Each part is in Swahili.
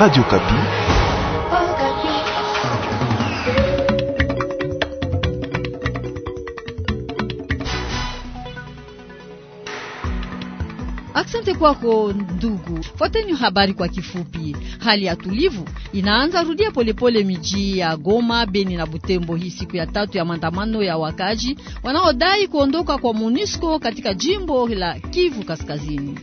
Radio Kapi. Asante kwako ndugu. Fuateni habari kwa kifupi. Hali ya tulivu inaanza rudia polepole miji ya Goma, Beni na Butembo hii siku ya tatu ya maandamano ya wakaji wanaodai kuondoka kwa MONUSCO katika jimbo la Kivu Kaskazini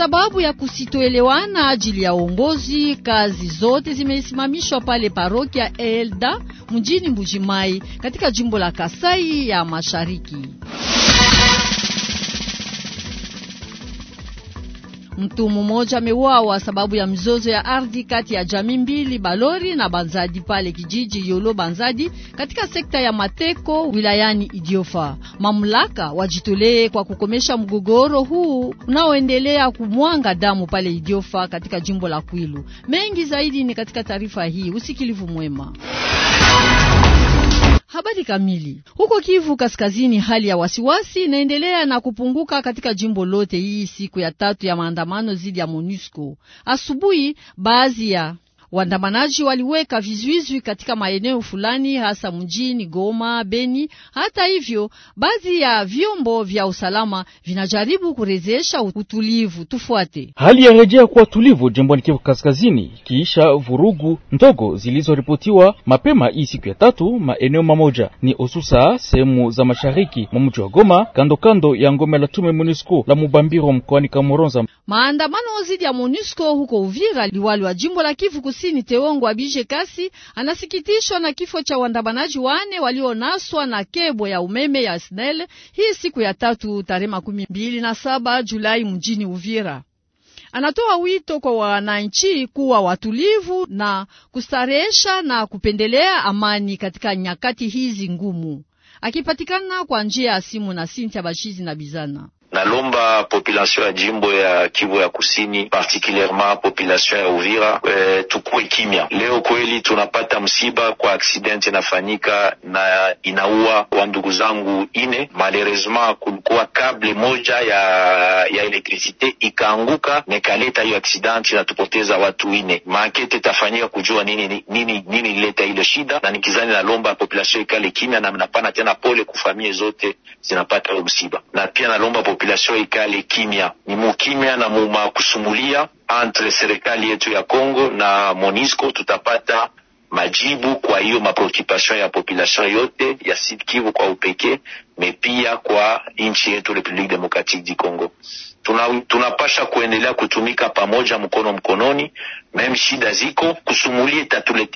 sababu ya kusitoelewana ajili ya uongozi, kazi zote zimesimamishwa pale parokia Elda mjini Mbujimai katika jimbo la Kasai ya Mashariki. Mtu mmoja ameuawa sababu ya mzozo ya ardhi kati ya jamii mbili Balori na Banzadi pale kijiji Yolo Banzadi katika sekta ya Mateko wilayani Idiofa. Mamlaka wajitolee kwa kukomesha mgogoro huu unaoendelea kumwanga damu pale Idiofa katika jimbo la Kwilu. Mengi zaidi ni katika taarifa hii. Usikilivu mwema. Habari kamili. Huko Kivu Kaskazini, hali ya wasiwasi inaendelea na kupunguka katika jimbo lote, hii siku ya tatu ya maandamano dhidi ya MONUSCO. Asubuhi baadhi ya Waandamanaji waliweka vizuizi katika maeneo fulani, hasa mjini Goma, Beni. Hata hivyo, baadhi ya vyombo vya usalama vinajaribu kurejesha utulivu. Tufuate hali ya rejea kuwa tulivu jimboni Kivu Kaskazini kiisha vurugu ndogo zilizoripotiwa mapema hii siku ya tatu maeneo mamoja ni hususa sehemu za mashariki mwa mji wa Goma, kando kando ya ngome la tume MONUSCO la Mubambiro mkoani Kamoronza. Maandamano dhidi ya MONUSCO huko Uvira, liwali wa jimbo la Kivu kusini Teongo Abije Kasi anasikitishwa na kifo cha waandamanaji wane walionaswa na kebo ya umeme ya SNEL hii siku ya tatu tarehe makumi mbili na saba Julai mjini Uvira. Anatoa wito kwa wananchi kuwa watulivu na kustarehesha na kupendelea amani katika nyakati hizi ngumu, akipatikana kwa njia ya simu na Sintia Bashizi na Bizana. Nalomba population ya jimbo ya Kivu ya Kusini, particulierement population ya Uvira e, eh, tukue kimya. Leo kweli tunapata msiba kwa accident inafanyika na inaua wa ndugu zangu ine. Malheureusement kulikuwa kable moja ya ya elektrisite ikaanguka nekaleta hiyo accident na tupoteza watu ine. Mankete itafanyika kujua nini nini nini ileta ile shida, na nikizani nalomba population ikale kimya, na mnapana tena pole kufamie zote zinapata huyo msiba, na pia nalomba population ikale kimya, ni mukimya na muma kusumulia entre serikali yetu ya Kongo na Monisco tutapata majibu kwa hiyo mapreokupation ya population yote ya Sud Kivu kwa upekee, mepia kwa nchi yetu Republique Democratique du Congo tuna, tunapasha kuendelea kutumika pamoja mkono mkononi, meme shida ziko kusumulia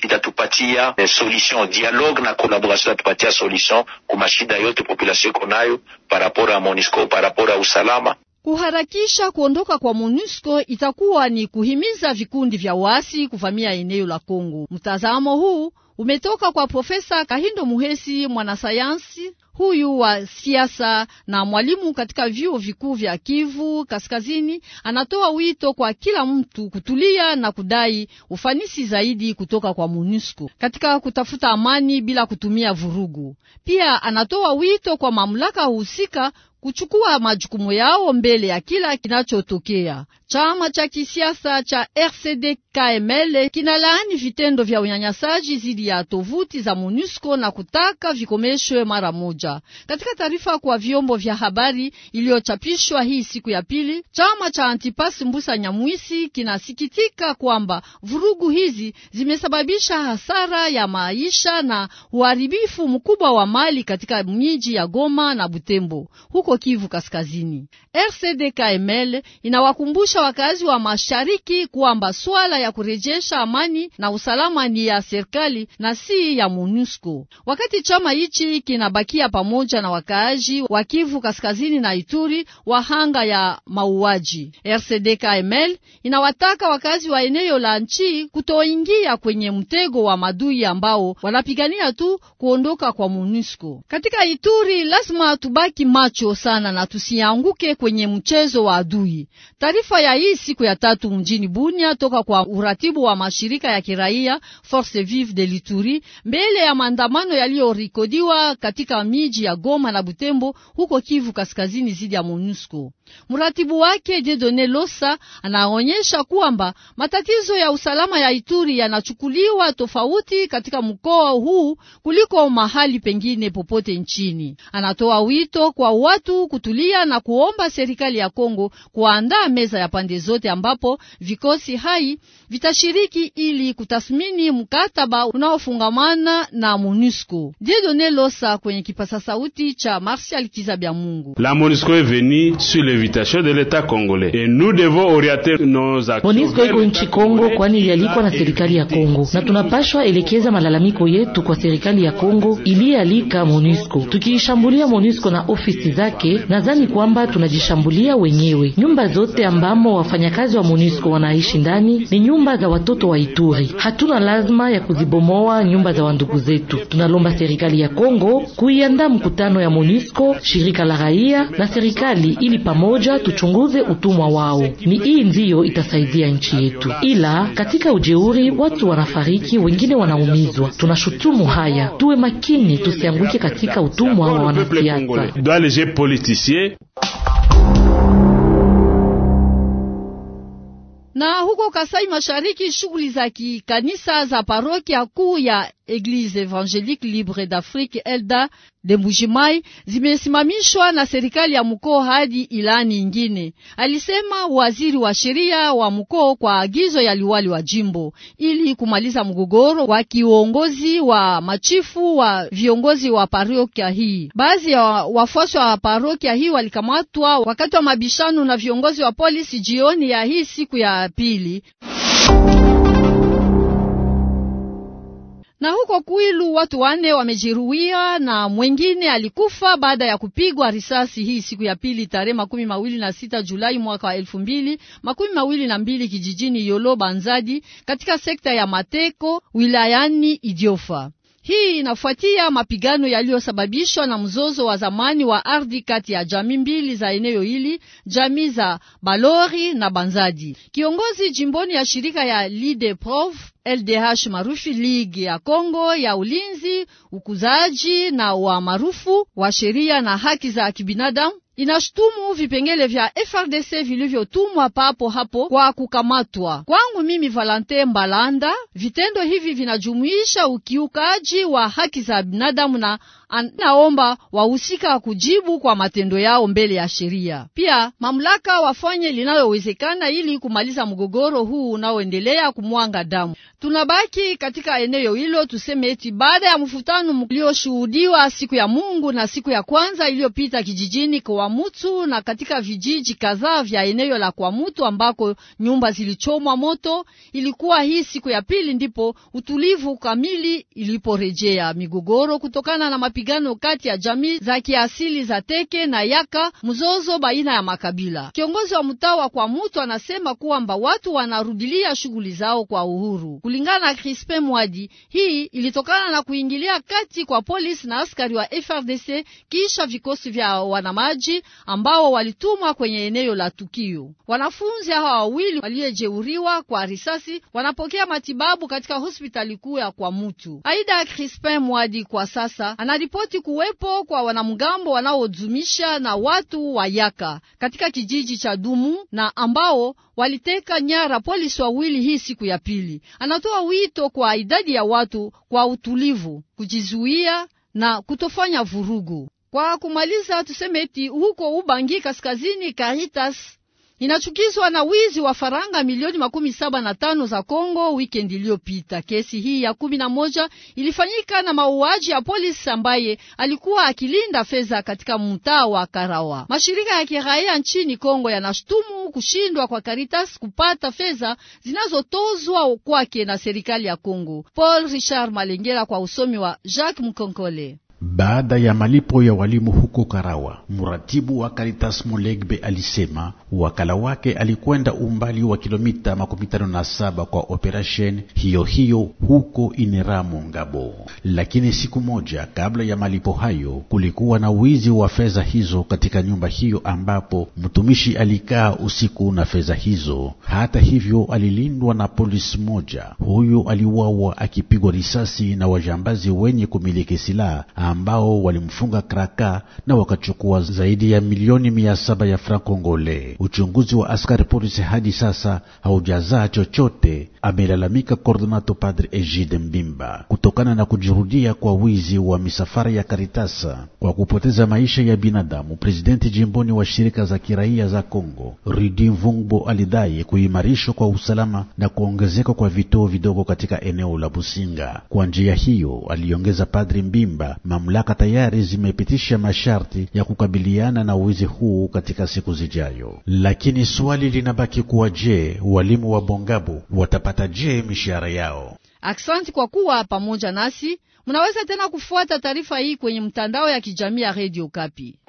itatupatia eh, solution dialogue na collaboration itatupatia solution kuma shida yote population iko nayo parapora ya MONUSCO parapora ya usalama. Kuharakisha kuondoka kwa MONUSCO itakuwa ni kuhimiza vikundi vya waasi kuvamia eneo la Kongo. Mtazamo huu umetoka kwa Profesa Kahindo Muhesi, mwanasayansi huyu wa siasa na mwalimu katika vyuo vikuu vya Kivu Kaskazini anatoa wito kwa kila mtu kutulia na kudai ufanisi zaidi kutoka kwa MONUSCO katika kutafuta amani bila kutumia vurugu. Pia anatoa wito kwa mamlaka husika kuchukua majukumu yao mbele ya kila kinachotokea. Chama cha kisiasa cha RCD KML kinalaani vitendo vya unyanyasaji dhidi ya tovuti za MONUSCO na kutaka vikomeshwe mara moja moja. Katika taarifa kwa vyombo vya habari iliyochapishwa hii siku ya pili, chama cha Antipas Mbusa Nyamwisi kinasikitika kwamba vurugu hizi zimesababisha hasara ya maisha na uharibifu mkubwa wa mali katika miji ya Goma na Butembo huko Kivu Kaskazini. RCD-KML inawakumbusha wakazi wa mashariki kwamba swala ya kurejesha amani na usalama ni ya serikali na si ya MONUSCO. Wakati chama hichi kinabakia pamoja na wakaaji wa Kivu Kaskazini na Ituri wahanga ya mauaji. RCD KML inawataka wakazi wa eneo la nchi kutoingia kwenye mtego wa madui ambao wanapigania tu kuondoka kwa MONUSCO. Katika Ituri lazima tubaki macho sana na tusianguke kwenye mchezo wa adui. Taarifa ya hii siku ya tatu mjini Bunia toka kwa uratibu wa mashirika ya kiraia Force Vive de l'Ituri mbele ya maandamano yaliyorekodiwa katika mi miji ya Goma na Butembo huko Kivu Kaskazini zidi ya MONUSCO. Mratibu wake Jedone Losa anaonyesha kwamba matatizo ya usalama ya Ituri yanachukuliwa tofauti katika mkoa huu kuliko mahali pengine popote nchini. Anatoa wito kwa watu kutulia na kuomba serikali ya Kongo kuandaa meza ya pande zote ambapo vikosi hai vitashiriki ili kutathmini mkataba unaofungamana na MONUSCO. Jedone Losa kwenye kipasa sauti cha Martial Kizabya Mungu. La MONUSCO est venu sur le invitation de l'État congolais. Et nous devons orienter nos actions. Monisco iko nchi Kongo kwani ilialikwa na serikali ya Kongo, na tunapashwa elekeza malalamiko yetu kwa serikali ya Kongo ilialika Monisco. Tukiishambulia Monisco na ofisi zake, nadhani kwamba tunajishambulia wenyewe. Nyumba zote ambamo wafanyakazi wa Monisco wanaishi ndani ni nyumba za watoto wa Ituri. Hatuna lazima ya kuzibomoa nyumba za wandugu zetu. Tunalomba serikali ya Kongo kuiandaa mkutano ya Monisco, shirika la raia na serikali ili pamoja pamoja tuchunguze utumwa wao. Ni hii ndiyo itasaidia nchi yetu. Ila katika ujeuri watu wanafariki, wengine wanaumizwa. Tunashutumu haya, tuwe makini tusianguke katika utumwa wa wanasiasa. Na huko Kasai Mashariki, shughuli za kikanisa za parokia kuu ya Église Evangelique Libre d'Afrique Elda de Mujimai zimesimamishwa na serikali ya mkoo hadi ilani nyingine, alisema waziri wa sheria wa mkoo kwa agizo ya liwali wa jimbo, ili kumaliza mgogoro wa kiongozi wa machifu wa viongozi wa parokia hii. Baadhi ya wafuasi wa parokia hii walikamatwa wakati wa mabishano na viongozi wa polisi jioni ya hii siku ya pili. na huko Kwilu watu wane wamejeruhiwa na mwengine alikufa baada ya kupigwa risasi hii siku ya pili tarehe makumi mawili na sita Julai mwaka wa elfu mbili makumi mawili na mbili kijijini Yolo Banzadi katika sekta ya Mateko wilayani Idiofa. Hii inafuatia mapigano yaliyosababishwa na mzozo wa zamani wa ardhi kati ya jamii mbili za eneo hili, jamii za Balori na Banzadi. Kiongozi jimboni ya shirika ya Prof LDH maarufu Ligi ya Kongo ya ulinzi, ukuzaji na wa maarufu wa sheria na haki za kibinadamu inashutumu vipengele vya FRDC vilivyotumwa papo hapo kwa kukamatwa. Kwangu mimi Valante Mbalanda, vitendo hivi vinajumuisha ukiukaji wa haki za binadamu na anaomba wahusika kujibu kwa matendo yao mbele ya sheria. Pia mamlaka wafanye linalowezekana ili kumaliza mgogoro huu unaoendelea kumwanga damu. Tunabaki katika eneo hilo, tuseme eti baada ya mvutano mlioshuhudiwa siku ya Mungu na siku ya kwanza iliyopita kijijini kwa mutu na katika vijiji kadhaa vya eneo la kwa mutu ambako nyumba zilichomwa moto, ilikuwa hii siku ya pili ndipo utulivu kamili iliporejea. Migogoro kutokana na mapigano kati ya jamii za kiasili za Teke na Yaka, mzozo baina ya makabila. Kiongozi wa mtaa wa mutu anasema kwamba watu wanarudilia shughuli zao kwa uhuru kulingana na Crispin Mwadi. Hii ilitokana na kuingilia kati kwa polisi na askari wa FRDC kisha vikosi vya wanamaji ambao walitumwa kwenye eneo la tukio. Wanafunzi hawa wawili waliyejeuriwa kwa risasi wanapokea matibabu katika hospitali kuu ya kwa mutu. Aida Crispin Mwadi kwa sasa anaripoti kuwepo kwa wanamgambo wanaojumisha na watu wa Yaka katika kijiji cha Dumu na ambao waliteka nyara polisi wawili hii siku ya pili. Anatoa wito kwa idadi ya watu kwa utulivu, kujizuia na kutofanya vurugu. Kwa kumaliza, tuseme eti huko Ubangi kaskazini Caritas inachukizwa na wizi wa faranga milioni makumi saba na tano za Kongo weekend iliyopita. Kesi hii ya kumi na moja ilifanyika na mauaji ya polisi ambaye alikuwa akilinda fedha katika mtaa wa Karawa. Mashirika ya kiraia nchini Kongo yanashtumu kushindwa kwa Caritas kupata fedha zinazotozwa kwake na serikali ya Kongo. Paul Richard Malengela kwa usomi wa Jacques Mkonkole. Baada ya malipo ya walimu huko Karawa, mratibu wa karitas Mulegbe alisema wakala wake alikwenda umbali wa kilomita makumi tano na saba kwa operation hiyo hiyo huko Ineramu Ngabo. Lakini siku moja kabla ya malipo hayo, kulikuwa na wizi wa fedha hizo katika nyumba hiyo ambapo mtumishi alikaa usiku na fedha hizo. Hata hivyo, alilindwa na polisi moja. Huyo aliuawa akipigwa risasi na wajambazi wenye kumiliki silaha ambao walimfunga Kraka na wakachukua zaidi ya milioni mia saba ya franc Kongole. Uchunguzi wa askari polisi hadi sasa haujazaa chochote amelalamika Kordonato Padre Egide Mbimba kutokana na kujirudia kwa wizi wa misafara ya Karitasa kwa kupoteza maisha ya binadamu. Presidenti jimboni wa shirika za kiraia za Kongo Rudi Mvungbo alidai kuimarishwa kwa usalama na kuongezeka kwa vituo vidogo katika eneo la Businga. Kwa njia hiyo, aliongeza padri Mbimba, mamlaka tayari zimepitisha masharti ya kukabiliana na wizi huu katika siku zijayo, lakini swali linabaki kuwa je, walimu wa Bongabu watapata hata je mishahara yao? Aksanti kwa kuwa pamoja nasi. Mnaweza tena kufuata taarifa hii kwenye mtandao ya kijamii ya Radio Kapi.